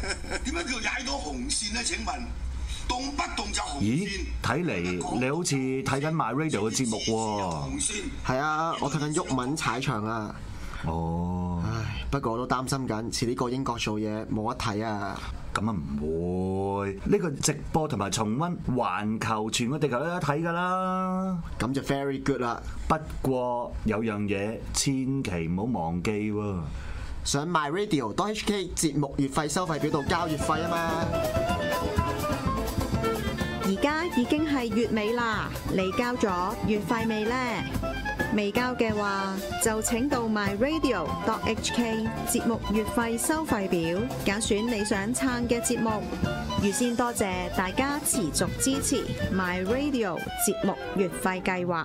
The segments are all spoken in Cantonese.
點 解叫踩到紅線咧？請問動不動就紅線？咦，睇嚟你好似睇緊 My Radio 嘅節目喎。係啊，我睇緊毓民踩場啊。哦，自自唉，不過我都擔心緊，遲啲過英國做嘢冇得睇啊。咁啊唔會，呢、這個直播同埋重溫環球，全個地球都有得睇噶啦。咁 就 very good 啦。不過有樣嘢千祈唔好忘記喎、啊。想 myradio.hk 節目月費收費表度交月費啊嘛！而家已經係月尾啦，你交咗月費未呢？未交嘅話，就請到 myradio.hk 節目月費收費表揀選你想撐嘅節目。預先多謝大家持續支持 myradio 節目月費計劃。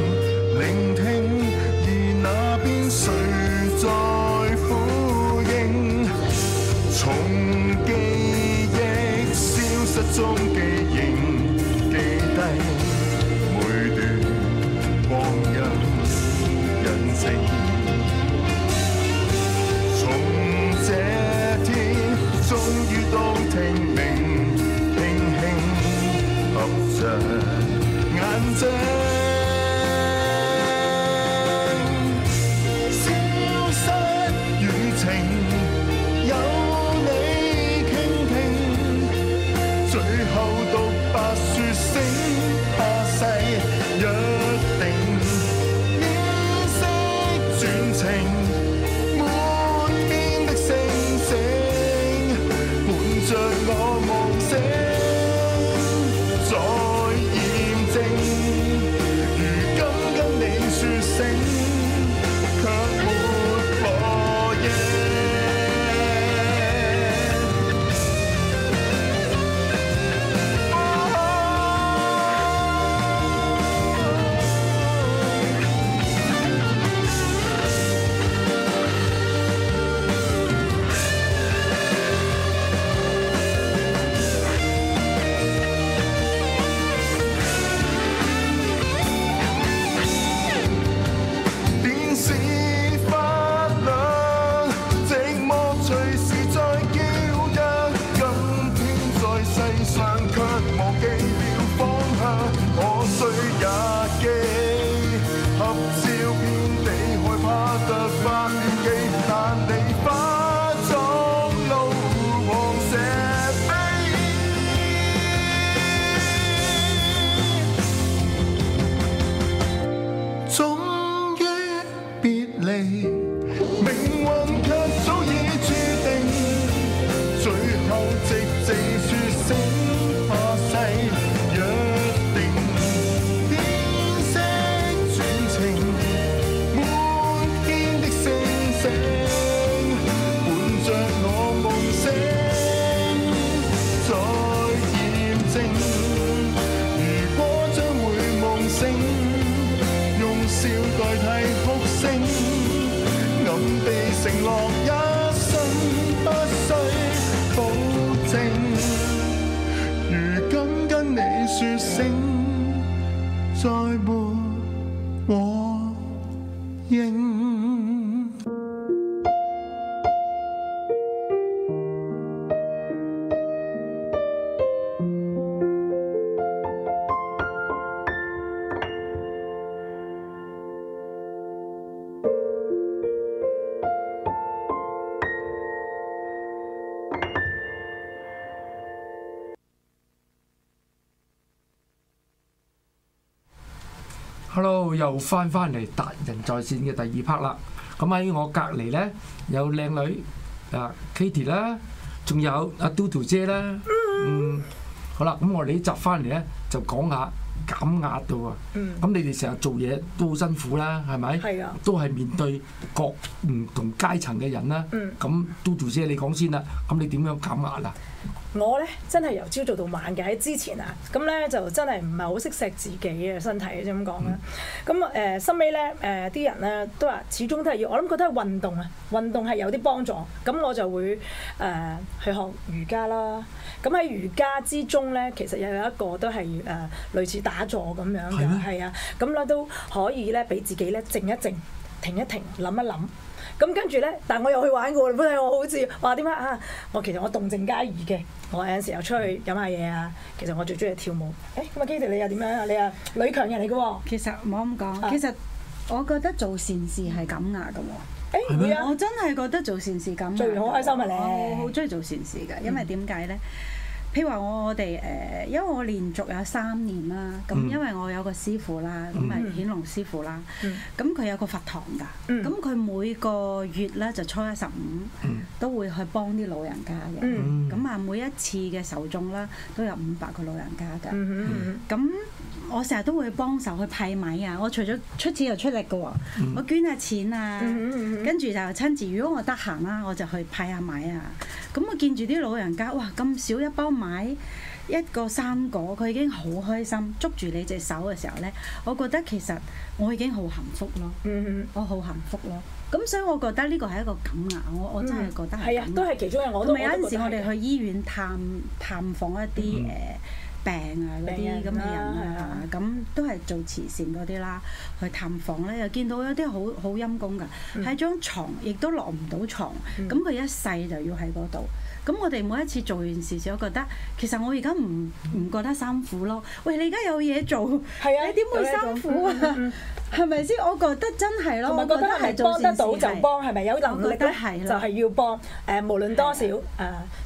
hello，又翻翻嚟達仁在線嘅第二 part 啦。咁喺我隔籬咧有靚女啊 Katie 啦，仲有阿 DoDo 姐啦。嗯，嗯。好啦，咁我哋呢集翻嚟咧就講下減壓度啊。咁、嗯、你哋成日做嘢都好辛苦啦，係咪？係啊。都係面對各唔同階層嘅人啦。咁、嗯、DoDo 姐你講先啦。咁你點樣減壓啊？我咧真係由朝做到晚嘅，喺之前啊，咁咧就真係唔係好識錫自己嘅身體，咁講啦。咁誒、嗯，心尾咧誒，啲、呃、人咧都話，始終都係要，我諗覺得係運動啊，運動係有啲幫助。咁我就會誒、呃、去學瑜伽啦。咁喺瑜伽之中咧，其實又有一個都係誒、呃、類似打坐咁樣嘅，係啊。咁咧、啊、都可以咧俾自己咧靜一靜，停一停，諗一諗。咁跟住咧，但係我又去玩嘅喎。你我好似話點啊？我其實我動靜皆宜嘅。我有陣時候出去飲下嘢啊。其實我最中意跳舞。誒咁啊 Katie 你又點樣又啊？你啊女強人嚟嘅喎。其實唔好咁講。其實我覺得做善事係感恩咁喎。我真係覺得做善事感恩。做好開心你。我好中意做善事嘅，因為點解咧？嗯譬如話我哋誒，因為我連續有三年啦，咁、嗯、因為我有個師傅啦，咁咪顯龍師傅啦，咁佢、嗯、有個佛堂㗎，咁佢、嗯、每個月咧就初一十五都會去幫啲老人家嘅，咁啊、嗯、每一次嘅受眾啦都有五百個老人家㗎，咁、嗯。嗯嗯我成日都會幫手去派米啊！我除咗出錢又出力㗎喎，我捐下錢啊，嗯嗯、跟住就親自。如果我得閒啦，我就去派下米啊。咁、嗯、我見住啲老人家，哇！咁少一包米一個水果，佢已經好開心。捉住你隻手嘅時候咧，我覺得其實我已經好幸福咯。嗯、哼我好幸福咯。咁所以我覺得呢個係一個感啊！我我真係覺得係。係啊、嗯，都係其中一個。咪有陣時我哋去醫院探探訪一啲誒。嗯病啊嗰啲咁嘅人啊，咁都係做慈善嗰啲啦，去探訪咧又見到有啲好好陰功嘅，喺張床，亦都落唔到床。咁佢一世就要喺嗰度。咁我哋每一次做完事，就覺得其實我而家唔唔覺得辛苦咯。喂，你而家有嘢做，係啊，你點會辛苦啊？係咪先？我覺得真係咯，同埋我覺得係幫得到就幫，係咪有能力得係，就係要幫誒，無論多少誒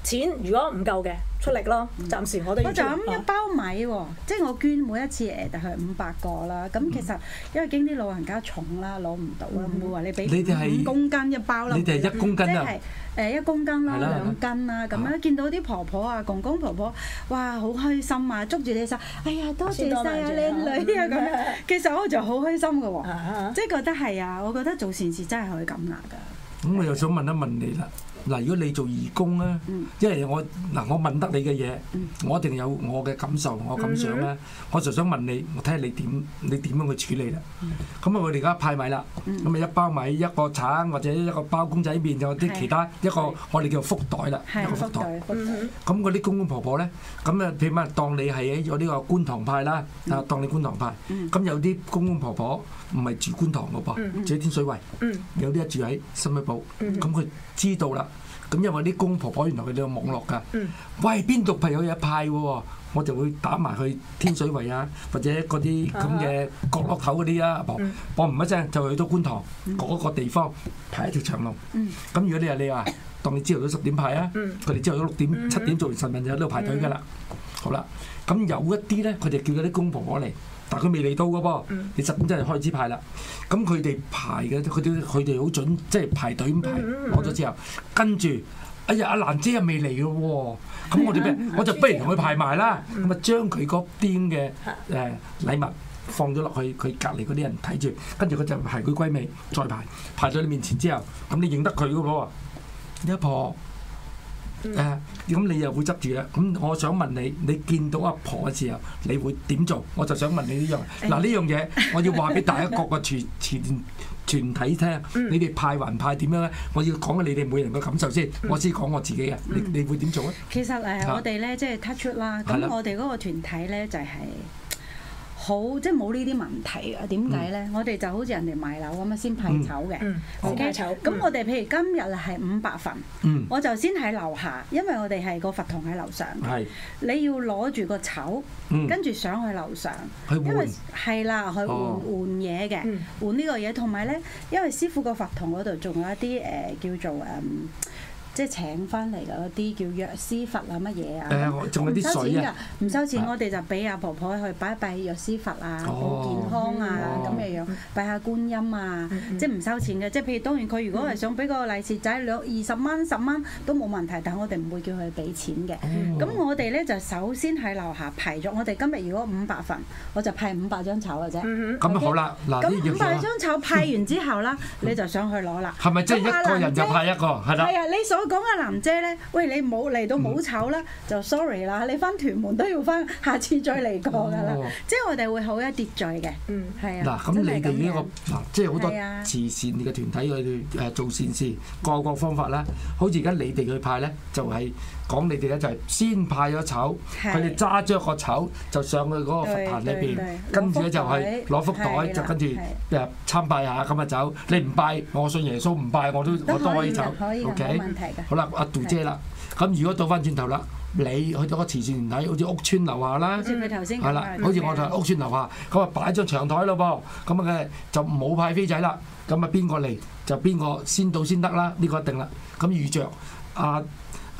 錢，如果唔夠嘅。出力咯，暫時我哋我就咁一包米喎，即係我捐每一次誒，就係五百個啦。咁其實因為驚啲老人家重啦，攞唔到啊，唔會話你俾五公斤一包啦，即係誒一公斤啦，兩斤啦咁樣。見到啲婆婆啊、公公婆婆，哇，好開心啊，捉住你手，哎呀，多謝曬靚女啊咁樣。其實我就好開心嘅喎，即係覺得係啊，我覺得做善事真係可以咁拿㗎。咁我又想問一問你啦。嗱，如果你做義工咧，因為我嗱我問得你嘅嘢，我一定有我嘅感受，我感想咧，我就想問你，我睇下你點，你點樣去處理啦？咁啊，我哋而家派米啦，咁啊一包米一個橙或者一個包公仔麵，有啲其他一個我哋叫福袋啦，一個福袋，咁嗰啲公公婆婆咧，咁啊譬如當你係喺我呢個觀塘派啦，啊當你觀塘派，咁有啲公公婆婆唔係住觀塘嘅噃，住天水圍，有啲啊住喺深水埗，咁佢知道啦。咁因為啲公婆婆原來佢哋有網絡噶，嗯、喂邊度朋友有派喎，我就會打埋去天水圍啊，或者嗰啲咁嘅角落頭嗰啲啊，播唔、嗯、一聲就去到觀塘嗰、嗯、個地方排一條長龍，咁、嗯、如果你係你話當你朝頭早十點派啊，佢哋朝頭早六點七點做完晨運就喺度排隊噶啦，嗯嗯、好啦，咁有一啲咧佢哋叫咗啲公婆婆嚟。但佢未嚟到嘅噃，你十點真係開始排啦。咁佢哋排嘅，佢哋佢哋好準，即係排隊咁排。攞咗之後，跟住哎呀，阿、啊、蘭姐又未嚟嘅喎。咁我哋咩？我就不如同佢排埋啦。咁啊、嗯，將佢嗰邊嘅誒禮物放咗落去，佢隔離嗰啲人睇住。跟住佢就排佢閨尾，再排，排到你面前之後，咁你認得佢嘅噃，一婆。誒，咁你又會執住咧？咁我想問你，你見到阿婆嘅時候，你會點做？我就想問你呢樣。嗱、啊，呢樣嘢我要話俾大家各個全全團體聽。 你哋派還派點樣咧？我要講下你哋每人嘅感受先。嗯、我先講我自己嘅。你你會點做咧？其實誒，我、就、哋、係、咧即係 touch 啦。咁的我哋嗰個團體咧就係、係。好，即係冇呢啲問題嘅。點解咧？Mm. 我哋就好似人哋買樓咁啊，先派籌嘅，先派籌。咁、mm. 我哋譬如今日係五百份，mm. 我就先喺樓下，因為我哋係個佛堂喺樓上。Mm. 你要攞住個籌，跟住上去樓上，mm. 因為係、mm. 換啦，去換換嘢嘅，換，mm. 換個呢個嘢。同埋咧，因為師傅個佛堂嗰度仲有一啲誒叫做誒。嗯即係請翻嚟嘅嗰啲叫藥師佛啊乜嘢啊，唔收錢㗎，唔收錢。我哋就俾阿婆婆去擺一擺藥師佛啊，好健康啊咁嘅樣，擺下觀音啊，即係唔收錢嘅。即係譬如當然佢如果係想俾個利是仔兩二十蚊十蚊都冇問題，但係我哋唔會叫佢俾錢嘅。咁我哋咧就首先喺樓下排咗。我哋今日如果五百份，我就派五百張籌嘅啫。咁好啦，咁五百張籌派完之後啦，你就上去攞啦。係咪即係一個人就派一個？係啦。係啊，你所講阿藍姐咧，喂你冇嚟到冇籌啦，就 sorry 啦，你翻屯門都要翻，下次再嚟過㗎啦，即係我哋會好一秩序嘅。嗯，係。嗱咁你哋呢個，嗱即係好多慈善嘅團體去誒做善事，各個方法啦。好似而家你哋去派咧，就係講你哋咧就係先派咗籌，佢哋揸咗個籌就上去嗰個佛壇裏邊，跟住咧就係攞福袋，就跟住誒參拜下咁啊走。你唔拜，我信耶穌唔拜，我都我都可以走。O K。好啦，阿杜姐啦，咁的如果倒翻轉頭啦，你去到個慈善團體，好似屋村樓下啦，係啦、嗯，好似的我就屋村樓下，咁啊擺張長台咯噃，咁啊嘅就唔好派飛仔啦，咁啊邊個嚟就邊個先到先得啦，呢、呢個一定啦，咁遇着。阿、啊。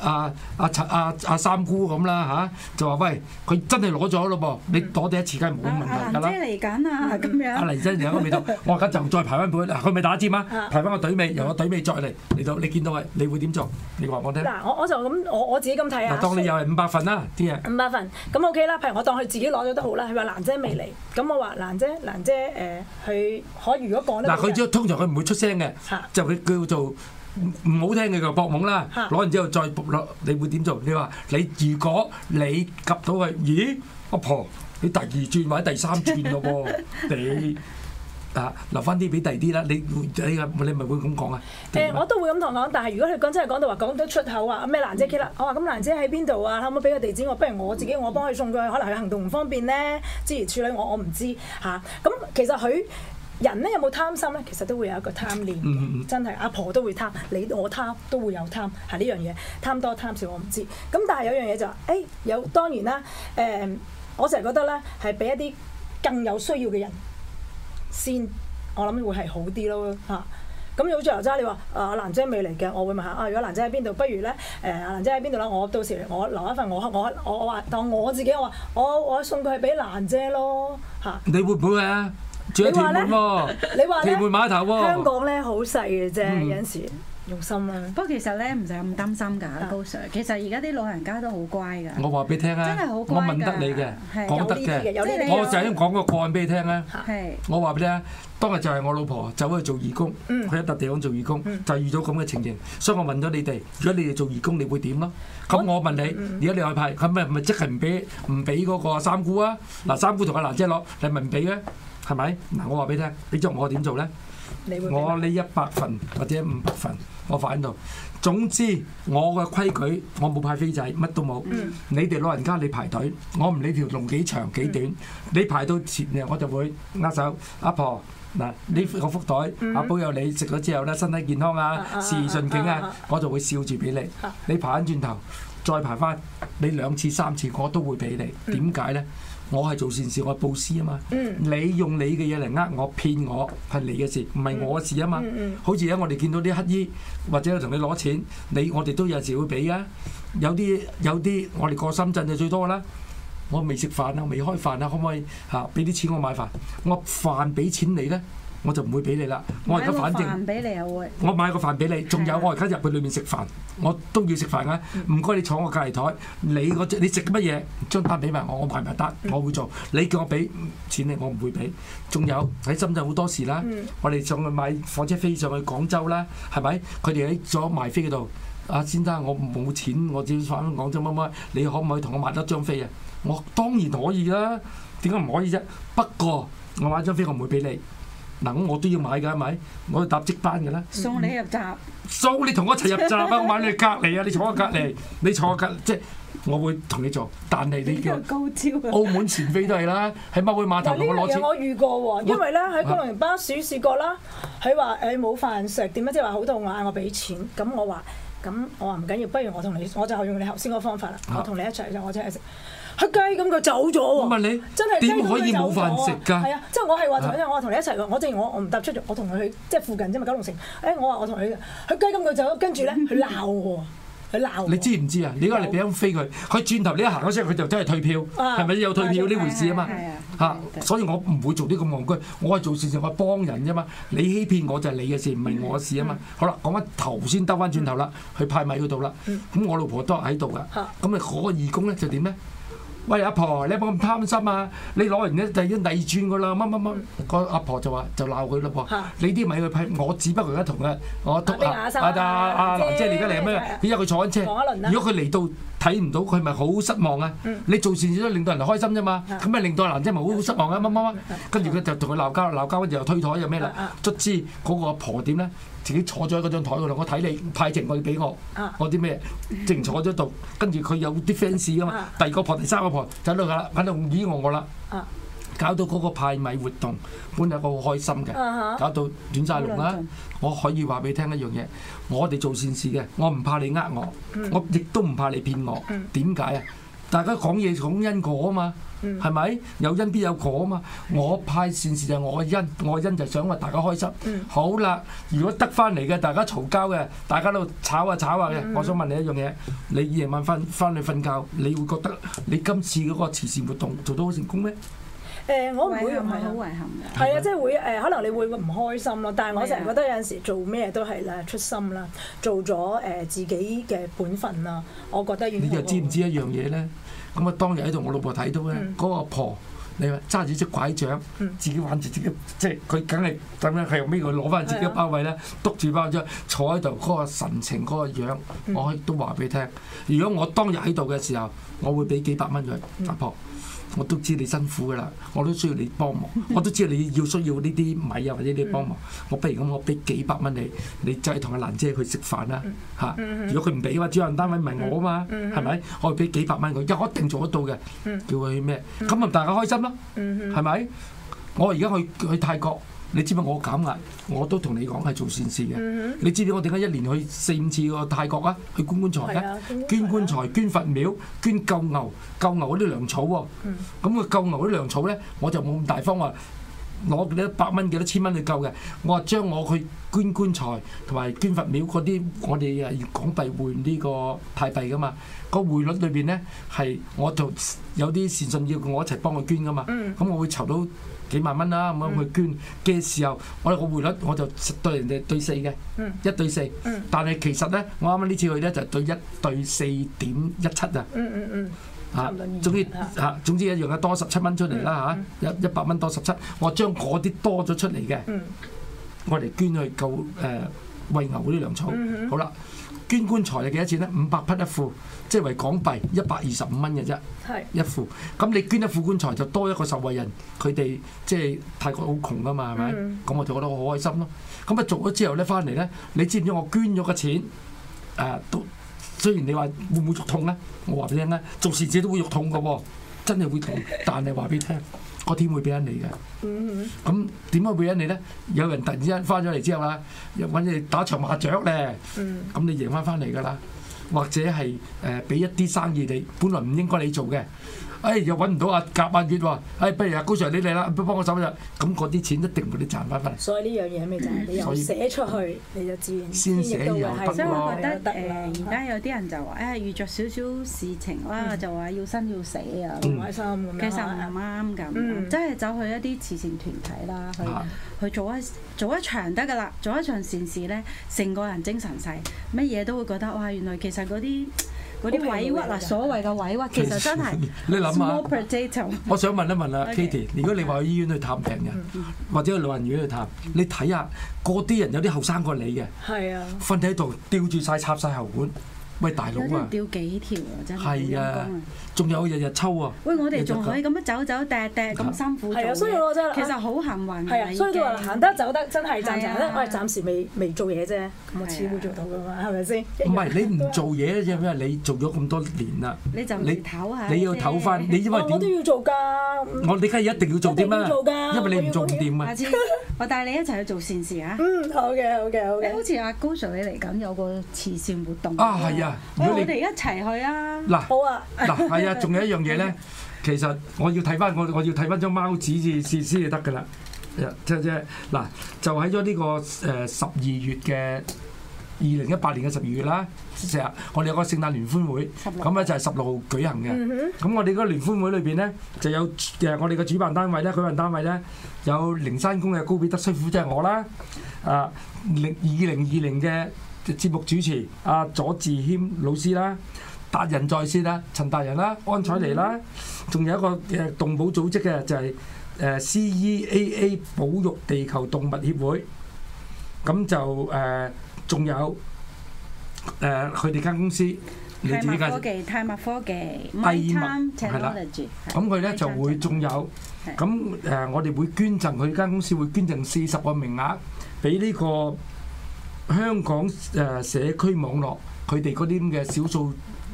阿阿阿阿三姑咁啦嚇，就話喂佢真係攞咗咯噃，嗯、你攞第一次梗係冇問題㗎啦。阿蘭姐嚟緊啊，咁樣。阿蘭姐又有個味道， 我而家就再排翻盤，佢咪打尖啊？排翻個隊尾，由個隊尾再嚟嚟到，你見到佢，你會點做？你話我聽。嗱、啊，我我就咁，我我自己咁睇啊。嗱，當你又係五百份啦、啊，啲嘢。五百份咁 OK 啦，譬如我當佢自己攞咗都好啦。佢話蘭姐未嚟，咁我話蘭姐，蘭姐誒，佢可如果講。嗱、啊，佢通常佢唔會出聲嘅，就佢叫做。唔好聽嘅就博懵啦，攞完之後再搏落，你會點做？你話你如果你及到佢，咦？阿婆，你第二轉或者第三轉咯喎，你啊留翻啲俾第啲啦。你，你，你會你咪會咁講啊？誒、嗯，我都會咁同佢講，但係如果你講真係講到話講得出口啊，咩蘭姐啦，我話咁蘭姐喺邊度啊？可唔可以俾個地址我？不如我自己我幫佢送過去，可能佢行動唔方便咧，之處理我我唔知吓。咁、啊、其實佢。人咧有冇貪心咧？其實都會有一個貪念嘅， 真係阿婆都會貪，你我貪都會有貪，係呢樣嘢貪多貪少我唔知。咁但係有樣嘢就話、誒有當然啦，誒、嗯、我成日覺得咧係俾一啲更有需要嘅人先，我諗會係好啲咯嚇。咁好似頭揸你話啊蘭姐未嚟嘅，我會問下啊，如果蘭姐喺邊度，不如咧誒啊，啊蘭姐喺邊度啦？我到時我留一份我我我我話當我自己我我我，我，我送佢俾蘭姐咯嚇。你會唔會啊？ 住喺屯門喎，屯門碼頭喎。香港咧好細嘅啫，有陣時用心啦。不過其實咧唔使咁擔心㗎，高 Sir。其實而家啲老人家都好乖㗎。我話俾你聽啊，我問得你嘅，講得嘅。我就已經講個個案俾你聽啦。係。我話俾你聽，當日就係我老婆走去做義工，佢喺笪地方做義工，就遇咗咁嘅情形。所以我問咗你哋，如果你哋做義工，你會點咯？咁我問你，而家你派，佢咪咪即係唔俾唔俾嗰個三姑啊？嗱，三姑同阿蘭姐攞，你咪唔俾咧？係咪？嗱，我話俾你聽，你做我點做咧？我呢一百份或者五百份，我發喺度。總之，我嘅規矩，我冇派飛仔，乜都冇。你哋老人家，你排隊，我唔理條龍幾長幾短。你排到前，我就會握手，阿婆嗱，呢個福袋，阿保佑你食咗之後咧，身體健康啊，事事順景啊，我就會笑住俾你。你排翻轉頭，再排翻，你兩次三次，我都會俾你。點解咧？我係做善事，我係佈施啊嘛。嗯、你用你嘅嘢嚟呃我、騙我，係你嘅事，唔係我嘅事啊嘛。好似咧，我哋見到啲乞衣，或者我同你攞錢，你我哋都有時會俾嘅、啊。有啲有啲，我哋過深圳就最多啦。我未食飯啊，未開飯啊，可唔可以吓俾啲錢我買飯？我飯俾錢你咧？我就唔會俾你啦。我而家反正俾你我買個飯俾你，仲有我而家入去裏面食飯，的我都要食飯噶、啊。唔該，你坐我隔離台，你嗰你食乜嘢？張單俾埋我，我埋埋單，我會做。你叫我俾錢你我，我唔會俾。仲有喺深圳好多時啦，嗯、我哋上去買火車飛上去廣州啦，係咪？佢哋喺左賣飛嗰度，阿、啊、先生，我冇錢，我只翻廣州乜乜，你可唔可以同我買多張飛啊？我當然可以啦，點解唔可以啫？不過我買張飛，我唔會俾你。嗱，咁、啊、我都要買㗎，係咪？我要搭職班㗎啦。送你入閘。嗯、送你同我一齊入閘啊！ 我買你隔離啊！你坐我隔離，你坐我隔， 即係我會同你坐。但係你叫、呢個、高招啊！澳門前飛都係啦，喺馬會碼頭同我攞錢。我遇過喎、哦，因為咧喺公倫巴士試過啦。佢話誒冇飯食，點樣即係話好凍嗌我俾錢，咁我話咁我話唔緊要，不如我同你，我就用你頭先個方法啦。我同你一齊就一我真食。佢雞咁佢走咗喎！我問你，點可以冇飯食㗎？係啊，即係我係話同你，我同你一齊喎。我正如我，我唔搭出我同佢去即係附近啫嘛。九龍城，誒，我話我同佢去，佢雞咁佢走，跟住咧佢鬧我，佢鬧。你知唔知啊？你而家嚟俾張飛佢，佢轉頭你一行嗰聲，佢就真係退票，係咪有退票呢回事啊嘛？嚇！所以我唔會做啲咁戇居，我係做事情，我係幫人啫嘛。你欺騙我就係你嘅事，唔係我嘅事啊嘛。好啦，講翻頭先，兜翻轉頭啦，去派米嗰度啦。咁我老婆都喺度㗎，咁你可義工咧就點咧？喂，阿婆，你冇咁貪心啊！你攞完咧就已經逆轉噶啦，乜乜乜，個阿婆就話就鬧佢啦噃。你啲咪去批，我只不過而家同啊，我督下阿阿阿蘭姐而家嚟咩？點解佢坐緊車？啊、如果佢嚟到。睇唔到佢咪好失望啊！嗯、你做善事都令到人哋開心啫嘛，咁咪、嗯、令到男仔咪好好失望啊！乜乜乜，嗯嗯、跟住佢就同佢鬧交，鬧交跟住又推台又咩啦？卒之嗰個阿婆點咧？自己坐咗喺嗰張台嗰度，我睇你派情我俾我，啊、我啲咩？正坐咗度，跟住佢有啲 fans 噶嘛，啊啊、第二個婆、第三個婆就落嚟啦，揾到唔止我我啦。啊啊啊啊搞到嗰個派米活動，本嚟個好開心嘅，搞到斷晒龍啦。啊、我可以話俾你聽一樣嘢，我哋做善事嘅，我唔怕你呃我，我亦都唔怕你騙我。點解啊？大家講嘢講因果啊嘛，係咪、嗯、有因必有果啊嘛？我派善事就係我嘅因，我嘅因就想話大家開心。嗯、好啦，如果得翻嚟嘅，大家嘈交嘅，大家都炒下炒下嘅，嗯、我想問你一樣嘢，你夜晚返翻嚟瞓覺，你會覺得你今次嗰個慈善活動做到好成功咩？誒，我唔會唔係好遺憾嘅，係啊，即係會誒，可能你會唔開心咯。但係我成日覺得有陣時做咩都係啦，出心啦，做咗誒自己嘅本分啦，我覺得。你又知唔知一樣嘢咧？咁啊，當日喺度，我老婆睇到咧，嗰個阿婆，你話揸住隻拐杖，自己玩住自己，即係佢梗係點咧？佢用咩去攞翻自己嘅包位咧？篤住包張，坐喺度嗰個神情嗰個樣，我都話俾你聽。如果我當日喺度嘅時候，我會俾幾百蚊佢阿婆。我都知你辛苦噶啦，我都需要你幫忙， 我都知你要需要呢啲米啊或者啲幫忙，我不如咁，我俾幾百蚊你，你再同阿蘭姐去食飯啦嚇、啊。如果佢唔俾嘅話，主任人單位唔係我啊嘛，係咪、嗯嗯？我俾幾百蚊佢，因為我一定做得到嘅，嗯、叫佢咩？咁咪、嗯嗯、大家開心咯，係咪？我而家去去泰國。你知唔知我減壓？我都同你講係做善事嘅。Mm hmm. 你知唔知我點解一年去四五次個泰國啊？去捐棺材嘅，啊、捐棺捐棺材、啊、捐佛廟、捐救牛、救牛嗰啲糧草喎。咁佢、mm hmm. 救牛嗰啲糧草咧，我就冇咁大方話攞幾多百蚊、幾多千蚊去救嘅。我話將我去捐棺材同埋捐佛廟嗰啲，我哋啊港幣換呢個泰幣噶嘛。個匯率裏邊咧係我同有啲善信要我一齊幫佢捐噶嘛。咁我會籌到，Hmm. 嗯幾萬蚊啦咁樣去捐嘅、嗯、時候，我哋個匯率我就對人哋對四嘅，嗯、一對四。嗯、但係其實呢，我啱啱呢次去呢，就對一對四點一七啊。嗯嗯嗯。嚇，總之嚇總之一樣嘅多十七蚊出嚟啦嚇，一一百蚊多十七，我將嗰啲多咗出嚟嘅，我哋、嗯、捐去救誒、呃、餵牛嗰啲糧草。嗯嗯、好啦。捐棺材係，幾多錢咧？五百匹一副，即係為港幣一百二十五蚊嘅啫。係是一副，咁你捐一副棺材就多一個受惠人，佢哋即係泰國好窮噶嘛，係咪？咁、嗯、我就覺得好開心咯。咁啊做咗之後咧，翻嚟咧，你知唔知我捐咗個錢，誒、啊、都雖然你話會唔會肉痛咧？我話俾你聽咧，做善者都會肉痛嘅喎、哦，真係會痛， 但係話俾你聽。個天會俾人你嘅，咁點解會俾人你咧？有人突然之間翻咗嚟之後啦，又揾你打場麻雀咧，咁你贏翻翻嚟㗎啦。或者係誒俾一啲生意你，本來唔應該你做嘅，誒、哎、又揾唔到阿甲、阿月話，誒、哎、不如阿高 Sir 你嚟啦，幫我手就咁，嗰啲錢一定會你賺翻翻嚟、嗯。所以呢樣嘢咪就係你寫出去，你就自然先寫又行，所以我覺得誒，而家行、呃、有啲人就話，誒、哎、遇着少少事情啦，嗯、就話要生要死啊，唔開心。嗯、其實唔啱咁，即係、嗯嗯、走去一啲慈善團體啦去。啊去做一做一場得㗎喇，做一場善事咧，成個人精神曬，乜嘢都會覺得哇！原來其實嗰啲嗰啲委屈啊，所謂嘅委屈，其實真係。你諗下，small potato. 我想問一問啊 Okay.，Katie，如果你話去醫院去探病嘅，Okay. 或者去老人院去探，mm hmm. 你睇下嗰啲人有啲後生過你嘅，係、mm hmm. 啊，瞓喺度吊住晒、插晒喉管。喂，大佬啊！掉幾條啊，真係啊！仲有日日抽啊。喂，我哋仲可以咁樣走走掟掟咁辛苦，係啊，所以我真係其實好幸運，係啊，所以都話行得走得真係賺賺咧。喂，暫時未未做嘢啫，咁我似會做到噶嘛，係咪先？唔係你唔做嘢因為你做咗咁多年啦。你就你唞下，你要唞翻，你因為點我都要做㗎。我你梗係一定要做啲咩？做㗎？因為你唔做點啊？我帶你一齊去做善事啊！嗯，好嘅，好嘅，好似阿高 sir 你嚟緊有個慈善活動啊，係啊！你我哋一齊去啊！嗱、啊，好啊！嗱，係啊，仲、啊、有一樣嘢咧， 其實我要睇翻我，我要睇翻張貓紙先先至得噶啦。即即嗱，就喺咗呢個誒十二月嘅二零一八年嘅十二月啦。成日十我哋有個聖誕聯歡會，咁咧就係十六號、嗯就是、舉行嘅。咁、嗯、哼我哋嗰個聯歡會裏邊咧，就有誒、呃、我哋嘅主辦單位咧、舉辦單位咧，有靈山公嘅高彼得師傅，即、就、係、是、我啦。啊，零二零二零嘅。啊節目主持阿左志謙老師啦，達仁在線啊，陳達仁啦，安彩妮啦，仲有一個誒動保組織嘅就係誒 C E A A 保育地球動物協會，咁就誒仲有誒佢哋間公司你自己介紹。泰物科技，泰物科技，泰物 Technology。係啦，咁佢咧就會仲有，咁誒我哋會捐贈佢間公司會捐贈四十個名額俾呢個。香港誒社區網絡，佢哋嗰啲咁嘅少數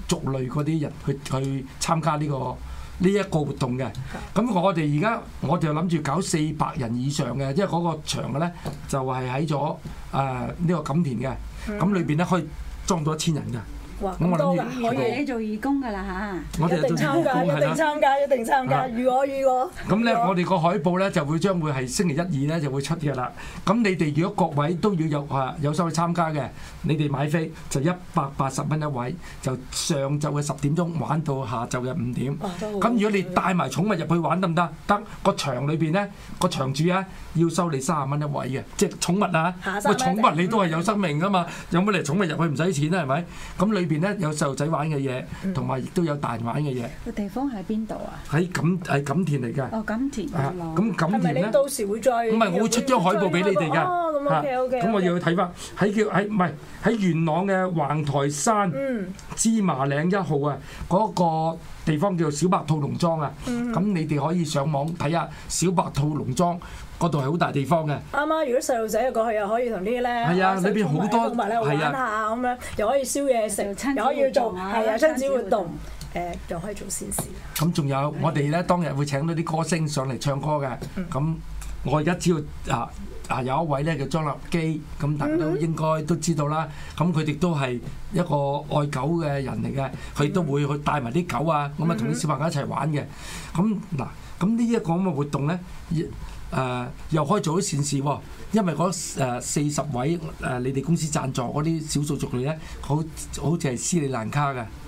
族類嗰啲人去去參加呢個呢一個活動嘅。咁我哋而家我哋諗住搞四百人以上嘅，即係嗰個場嘅咧，就係喺咗誒呢個錦田嘅，咁裏邊咧可以裝到一千人㗎。我都我亦都做義工㗎啦嚇，一定參加，一定參加，一定參加。如果如果咁咧，我哋個海報咧就會將會係星期一二咧就會出嘅啦。咁你哋如果各位都要有嚇有心去參加嘅，你哋買飛就一百八十蚊一位，就上晝嘅十點鐘玩到下晝嘅五點。哦，都咁如果你帶埋寵物入去玩得唔得？得，個場裏邊啊，個場主咧要收你三十蚊一位嘅，即係寵物啊。嚇，收咩？喂，寵物你都係有生命㗎嘛？有乜嚟寵物入去唔使錢啊？係咪？咁裏邊咧有細路仔玩嘅嘢，同埋亦都有大人玩嘅嘢。個地方喺邊度啊？喺錦喺錦田嚟㗎。哦，錦田。啊，咁錦田咧。係唔係到時會再？唔係、嗯，我會出張海報俾你哋㗎。哦，咁 OK OK, okay，啊。咁我要去睇翻喺叫喺唔係喺元朗嘅橫台山、嗯、芝麻嶺一號啊嗰、嗰個。地方叫做小白兔農莊啊，咁你哋可以上網睇下小白兔農莊嗰度係好大地方嘅。啱啱如果細路仔去過去又可以同啲咧，係啊，裏邊好多動物咧玩下咁樣，又可以燒嘢食，又、啊、可以做係啊親子活動，誒，又可以做善事。咁仲有我哋咧當日會請到啲歌星上嚟唱歌嘅，咁我而家只要啊。啊，有一位咧叫莊立基，咁大家都應該都知道啦。咁佢哋都係一個愛狗嘅人嚟嘅，佢都會去帶埋啲狗啊，咁啊同啲小朋友一齊玩嘅。咁嗱，咁呢一個咁嘅活動咧，誒、呃、又可以做到善事喎、哦。因為嗰四十位誒你哋公司贊助嗰啲少數族裔咧，好好似係斯里蘭卡嘅。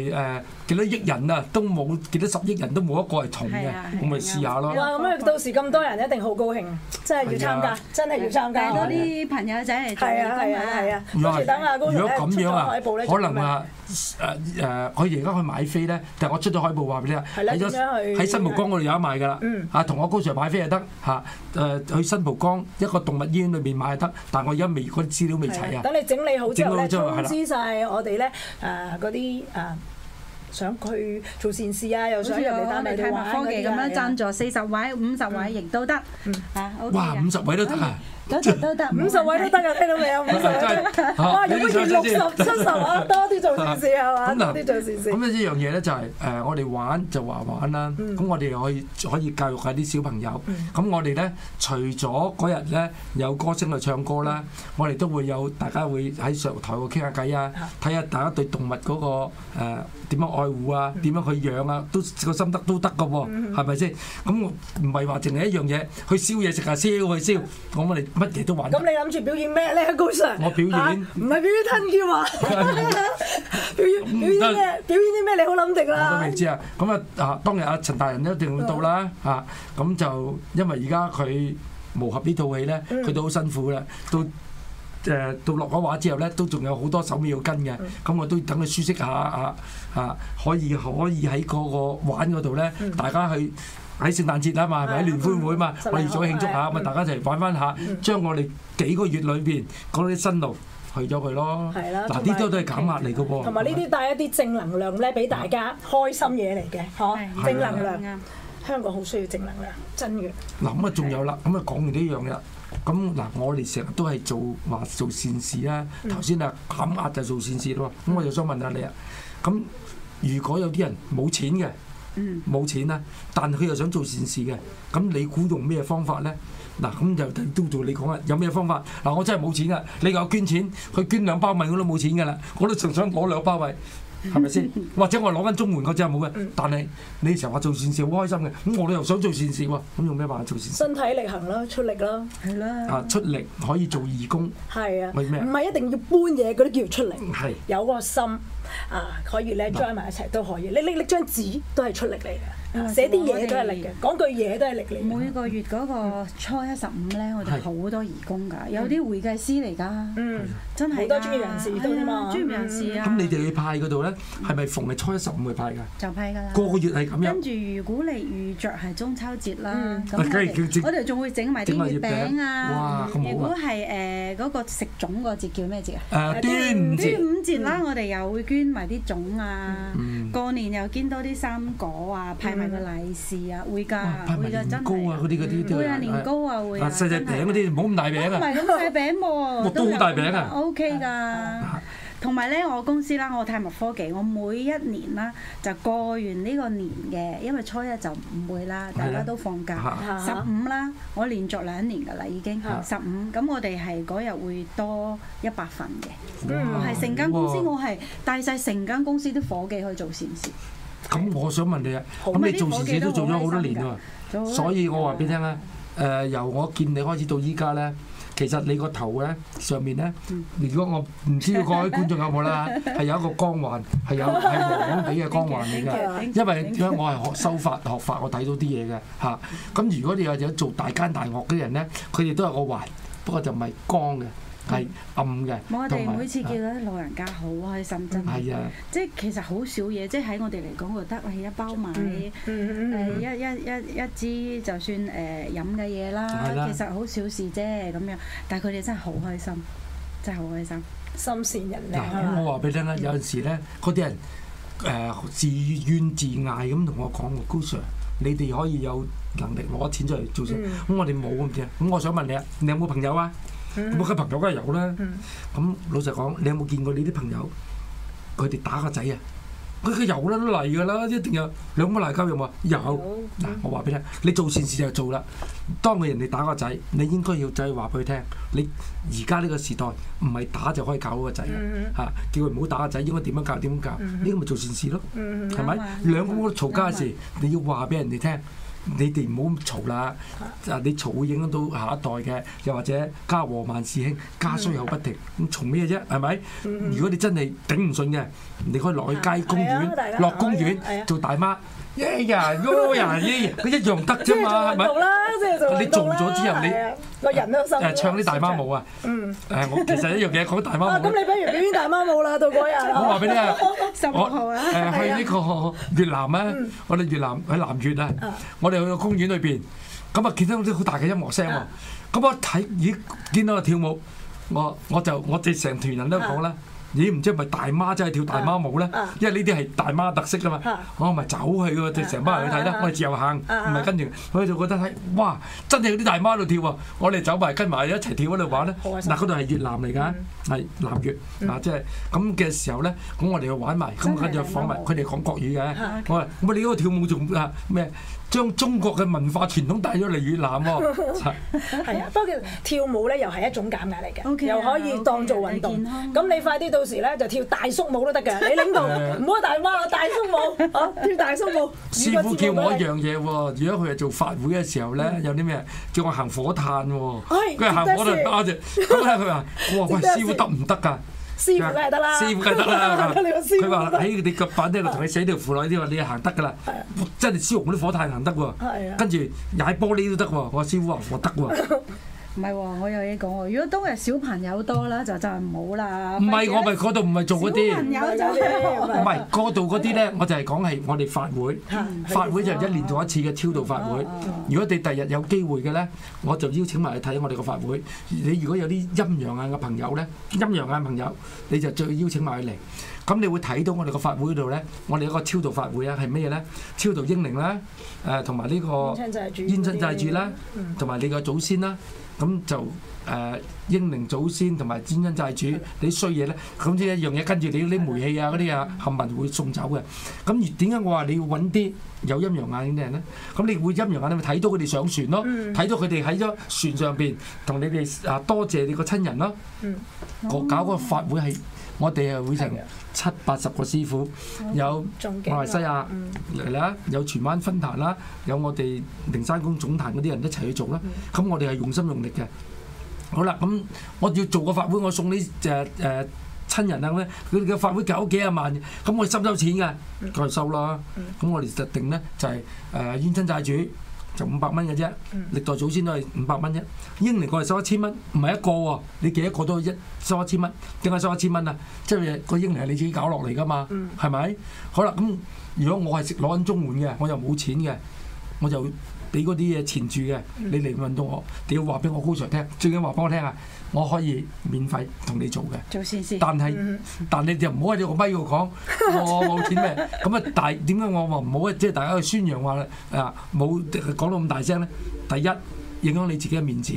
誒幾多億人啊，都冇幾多十億人都冇一個係同嘅，咁咪試下咯。咁啊，到時咁多人一定好高興，真係要參加，真係要參加。多啲朋友仔嚟參加啊！係啊係啊！如果咁樣啊，可能啊誒誒，佢而家去買飛咧，但係我出咗海報話俾你聽，喺咗喺新蒲江嗰度有得買㗎啦。同我高 Sir 買飛又得嚇誒，去新蒲江一個動物醫院裏面買就得，但我而家未嗰啲資料未齊啊。等你整理好之後咧，通知晒我哋咧誒嗰啲誒。想佢做善事啊，又想入嚟睇下科技咁樣贊助四十位、五十、嗯、位亦都得，嗯啊 okay、哇，五十位都得啊！ 多條都得，五十位都得噶，聽到未啊？五十位哇！有冇越六十七十啊？多啲做善事係嘛，多啲做善事。咁呢一樣嘢咧就係誒，我哋玩就話玩啦。咁我哋又可以可以教育下啲小朋友。咁我哋咧，除咗嗰日咧有歌星去唱歌啦，我哋都會有大家會喺上台度傾下偈啊，睇下大家對動物嗰個誒點樣愛護啊，點樣去養啊，都個心得都得噶喎，係咪先？咁唔係話淨係一樣嘢去燒嘢食下燒去燒，我哋。乜嘢都玩，啊，咁你諗住表演咩咧，高 Sir？我表演、啊，唔係表，、啊、 表演吞劍啊！表演表演啲咩？表演啲咩？你好諗定啦。我都未知啊？咁啊啊！當日阿陳大人一定會到啦。嚇、啊，咁就因為而家佢磨合呢套戲咧，佢都好辛苦嘅。到誒、呃、到落咗畫之後咧，都仲有好多手尾要跟嘅。咁我都等佢舒適下啊啊！可以可以喺嗰個玩嗰度咧，嗯、大家去。喺聖誕節啊嘛，係咪？喺聯歡會嘛，我哋再慶祝下，咪大家一齊玩翻下，將我哋幾個月裏邊嗰啲辛勞去咗佢咯。嗱，呢啲都都係減壓嚟嘅噃。同埋呢啲帶一啲正能量咧，俾大家開心嘢嚟嘅，嗬？正能量，啊。香港好需要正能量，真嘅。嗱咁啊，仲有啦，咁啊講完呢樣啦，咁嗱，我哋成日都係做話做善事啊，頭先啊，減壓就做善事咯。咁我就想問下你啊，咁如果有啲人冇錢嘅？冇錢啦、啊，但佢又想做善事嘅，咁你估用咩方法咧？嗱，咁就都做你講啊：「有咩方法？嗱，我真係冇錢噶，你話捐錢，去捐兩包米我都冇錢噶啦，我都仲想攞兩包米。係咪先？或者我攞翻中門嗰隻冇嘅，但係你成日話做善事好開心嘅，咁我哋又想做善事喎、啊，咁用咩辦法做善事？身體力行啦，出力咯啦，係啦。啊，出力可以做義工，係啊，唔係一定要搬嘢嗰啲叫做出力，係是有個心啊，可以咧 join 埋一齊都可以，不你搦搦張紙都係出力嚟嘅。寫啲嘢都係力嘅，講句嘢都係力嘅。每個月嗰個初一十五咧，我哋好多義工㗎，有啲會計師嚟㗎。嗯，真係好多專業人士。專業人士啊！咁你哋去派嗰度咧，係咪逢係初一十五去派㗎？就派㗎啦。個個月係咁樣。跟住，如果你遇著係中秋節啦，咁我哋我哋仲會整埋啲月餅啊。哇，咁好啊！如果係誒嗰個食粽個節叫咩節啊？誒，端午節。端午節啦，我哋又會捐埋啲粽啊。嗯。過年又捐多啲生果啊，派。係個利是啊，會噶，會噶真係。會啊，年糕啊，會啊，細隻餅嗰啲唔好咁大餅啊。唔係咁細餅喎，都好大餅啊。O K 噶，同埋咧，我公司啦，我泰物科技，我每一年啦就過完呢個年嘅，因為初一就唔會啦，大家都放假。十五啦，我連續兩年噶啦已經。十五咁，我哋係嗰日會多一百份嘅，係成間公司，我係帶曬成間公司啲夥計去做善事。咁我想問你啊，咁、嗯、你做善事都做咗好多年喎，所以我話俾你聽啦，誒、呃、由我見你開始到依家咧，其實你個頭咧上面咧，如果我唔知道各位觀眾有冇啦，係有一個光環，係有係黃黃啲嘅光環嚟㗎，因為點解我係學修法學,學法，我睇到啲嘢嘅嚇。咁、啊、如果你有有做大奸大惡嗰啲人咧，佢哋都有個環，不過就唔係光嘅。係暗嘅，我哋每次見到啲老人家好開心，真係，即係其實好少嘢，即係喺我哋嚟講，我得係一包米，一一一一支就算誒飲嘅嘢啦，其實好小事啫咁樣，但係佢哋真係好開心，真係好開心，心善人靚啊，咁我話俾你聽啦，有陣時咧，嗰啲人誒自怨自艾咁同我講，高 Sir，你哋可以有能力攞錢出嚟做嘢，咁我哋冇咁嘅，咁我想問你啊，你有冇朋友啊？咁佢 朋友梗係有啦。咁老實講，你有冇見過你啲朋友佢哋打個仔啊？佢佢有啦，都嚟噶啦，一定兩架架有。兩公婆嘈交有冇？有。嗱， 我話俾你聽，你做善事就做啦。當佢人哋打個仔，你應該要走去話俾佢聽。你而家呢個時代唔係打就可以教好個仔嘅吓，叫佢唔好打個仔，應該點樣教？點教？呢個咪做善事咯，係咪？兩公婆嘈交嘅時，你要話俾人哋聽。你哋唔好咁嘈啦，啊！你嘈會影響到下一代嘅，又或者家和萬事興，家衰有不停。咁嘈咩啫？係咪？是是嗯、如果你真係頂唔順嘅，你可以落去街公園，落、嗯哎、公園、哎哎、做大媽。哎呀，嗰佢一樣得啫嘛，係咪？你做咗之後，你個人都受。誒，唱啲大媽舞啊！嗯，誒，我其實一樣嘢。講大媽舞。咁你不如表演大媽舞啦，到嗰日。我話俾你啊，十六號啊，誒，去呢個越南啊，我哋越南喺南越啊，我哋去到公園裏邊，咁啊，見到啲好大嘅音樂聲喎，咁我睇，咦，見到個跳舞，我我就我哋成團人都講啦。咦？唔知係咪大媽真係跳大媽舞咧？因為呢啲係大媽特色㗎嘛。我咪走去喎，即係成班人去睇啦。我哋自由行，唔係跟住。所以就覺得咧，哇！真係啲大媽喺度跳喎，我哋走埋跟埋一齊跳喺度玩咧。嗱，嗰度係越南嚟㗎，係南越嗱，即係咁嘅時候咧，咁我哋就玩埋，咁跟住訪埋，佢哋講國語嘅。我話，乜你嗰個跳舞仲啊咩？將中國嘅文化傳統帶咗嚟越南喎，係啊，不過跳舞咧又係一種減壓嚟嘅，又可以當做運動。咁你快啲到時咧就跳大叔舞都得㗎，你領導唔好大媽咯，大叔舞啊，跳大叔舞。師傅叫我一樣嘢喎，如果佢係做法會嘅時候咧，有啲咩叫我行火炭喎？佢係行火炭，我哋咁咧佢話：我話喂，師傅得唔得㗎？師傅梗係得啦，佢話：誒，你腳板呢度同你寫條符落去，啲話你行得㗎啦。真係燒紅啲火炭行得喎， 跟住踩玻璃都得喎。我師傅話：我得喎。 唔係喎，我有嘢講喎。如果當日小朋友多啦，就就唔好啦。唔係，我咪嗰度唔係做嗰啲。朋友唔係嗰度嗰啲咧，我就係講係我哋法會， 法會就係一年做一次嘅超度法會。 如果你第日有機會嘅咧，我就邀請埋去睇我哋個法會。你如果有啲陰陽眼嘅朋友咧，陰陽眼朋友你就再邀請埋去嚟。咁你會睇到我哋個法會度咧，我哋一個超度法會啊，係咩咧？超度、這個、英靈啦，誒同埋呢個冤親債主啦、啊，同埋、嗯、你個祖先啦、啊。咁就誒、呃、英靈祖先同埋冤親債主是你衰嘢咧，咁即一樣嘢跟住你啲煤氣啊嗰啲啊，冚唪唥會送走嘅。咁點解我話你要揾啲有陰陽眼嗰啲人咧？咁你會陰陽眼你咪睇到佢哋上船咯，睇到佢哋喺咗船上邊同你哋啊多謝你個親人咯。我搞個法會係。我哋係會成七八十個師傅，嗯、有馬來西亞嚟啦，嗯、有荃灣分壇啦，有我哋靈山公總壇嗰啲人一齊去做啦。咁我哋係用心用力嘅。好啦，咁我要做個法會，我送啲誒誒親人啊，咁佢哋嘅法會搞幾廿萬，咁我收收錢㗎？梗係收啦。咁我哋實定咧就係、是、誒、呃、冤親債主。就五百蚊嘅啫，歷代祖先都係五百蚊啫。嗯、嬰靈過嚟收一千蚊，唔係一個喎、哦，你幾多個都一收一千蚊，點解收一千蚊啊？即、就、係、是、個嬰靈係你自己搞落嚟㗎嘛，係咪、嗯？好啦，咁如果我係食攞緊綜援嘅，我又冇錢嘅，我就。俾嗰啲嘢纏住嘅，你嚟問到我，你要話俾我高 Sir 聽，最緊話俾我聽啊！我可以免費同你做嘅，做善事。但係，但你哋唔好喺度咪度講，我冇錢咩？咁啊，大點解我話唔好即係大家去宣揚話咧啊？冇講到咁大聲咧。第一。影響你自己嘅面子，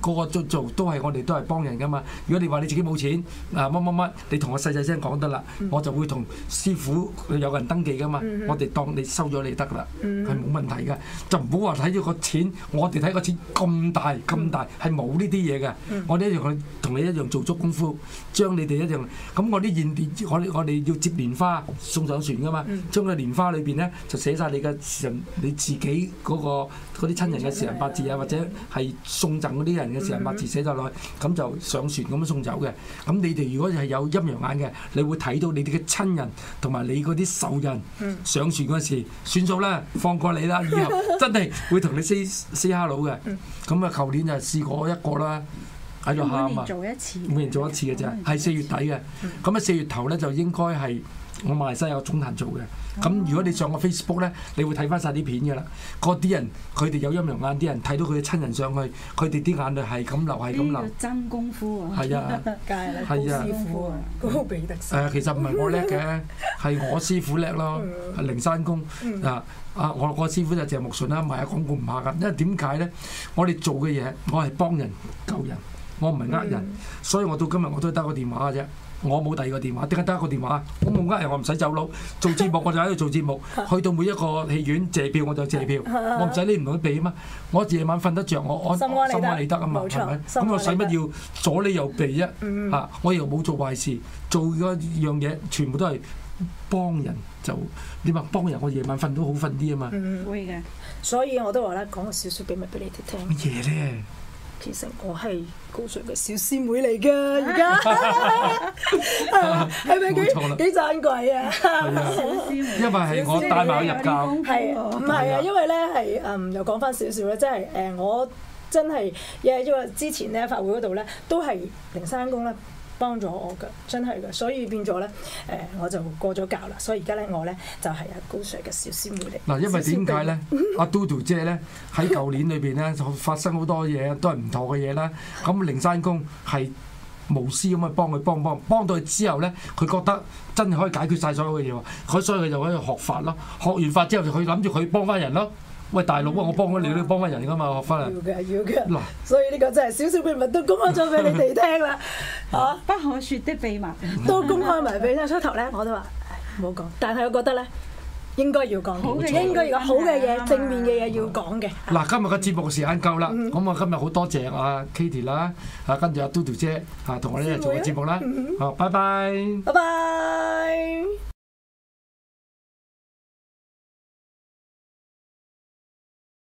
個個做都做都係我哋都係幫人噶嘛。如果你話你自己冇錢啊乜乜乜，你同我細細聲講得啦，嗯、我就會同師傅有個人登記噶嘛。嗯嗯、我哋當你收咗你得啦，係冇、嗯、問題嘅。就唔好話睇住個錢，我哋睇個錢咁大咁大係冇呢啲嘢嘅。我哋一樣同你一樣做足功夫，將你哋一樣咁我啲現蓮，我哋要接蓮花送上船噶嘛。將個蓮花裏邊咧就寫晒你嘅時人你自己嗰、嗰個嗰啲、嗰個、親人嘅時人八字啊或者。係送贈嗰啲人嘅時候，墨字寫咗落去，咁就上船咁樣送走嘅。咁你哋如果係有陰陽眼嘅，你會睇到你哋嘅親人同埋你嗰啲仇人上船嗰時，算數啦，放過你啦，以後真係會同你 say say hello 嘅。咁啊，舊年就試過一個啦，喺度喊啊！做一次，每人做一次嘅啫，係四月底嘅。咁啊、嗯，四月頭咧就應該係。我馬來西亞有總行做嘅，咁如果你上個 Facebook 咧，你會睇翻晒啲片嘅啦。嗰啲人佢哋有陰陽眼，啲人睇到佢嘅親人上去，佢哋啲眼淚係咁流，係咁流。真功夫啊！係啊，係啊，師傅啊！嗰個其實唔係我叻嘅，係我師傅叻咯，靈山公，啊！啊，我我師傅就係謝木順啦，唔賣廣告唔怕噶，因為點解咧？我哋做嘅嘢，我係幫人救人，我唔係呃人，所以我到今日我都得個電話嘅啫。我冇第二個電話，點解得一個電話？我冇呃人，我唔使走佬做節目，我就喺度做節目。去到每一個戲院借票，我就借票。我唔使你唔同地嘛，我夜晚瞓得着，我安心安理得啊嘛，係咪、嗯？咁我使乜要左你右避啫？啊，我又冇做壞事，做個樣嘢全部都係幫人。就你話幫人，我夜晚瞓都好瞓啲啊嘛。嗯，會嘅。所以我都話咧，講個少少秘密俾你聽。乜嘢咧？嗯嗯其實我係高 Sir 嘅小師妹嚟㗎，而家係咪幾幾盞鬼啊？ 對因為係我帶埋入教，係唔係啊？啊啊啊，因為咧係嗯，又講翻少少咧，即係誒、呃，我真係誒，因為之前咧，法會嗰度咧，都係靈山公啦。幫咗我㗎，真係㗎，所以變咗咧，誒、呃、我就過咗教啦，所以而家咧我咧就係、是、阿高 Sir 嘅小師妹嚟。嗱，因為點解咧？ 阿嘟嘟姐咧喺舊年裏邊咧發生好多嘢，都係唔妥嘅嘢啦。咁靈山公係無私咁去幫佢幫幫，幫到佢之後咧，佢覺得真係可以解決晒所有嘅嘢喎。佢所以佢就喺度學法咯，學完法之後佢去諗住去幫翻人咯。喂，大佬啊，我幫咗你都要幫翻人噶嘛，我翻嚟。要嘅，要嘅。嗱，所以呢個真係小小秘密都公開咗俾你哋聽啦，嚇，不可説的秘密都公開埋俾出頭咧。我都話，唔好講。但係我覺得咧，應該要講嘅，應該要好嘅嘢，正面嘅嘢要講嘅。嗱，今日嘅節目時間夠啦，咁啊今日好多謝阿 Katie 啦，啊跟住阿 DoDo 姐啊同我哋一齊做嘅節目啦，好，拜拜，拜拜。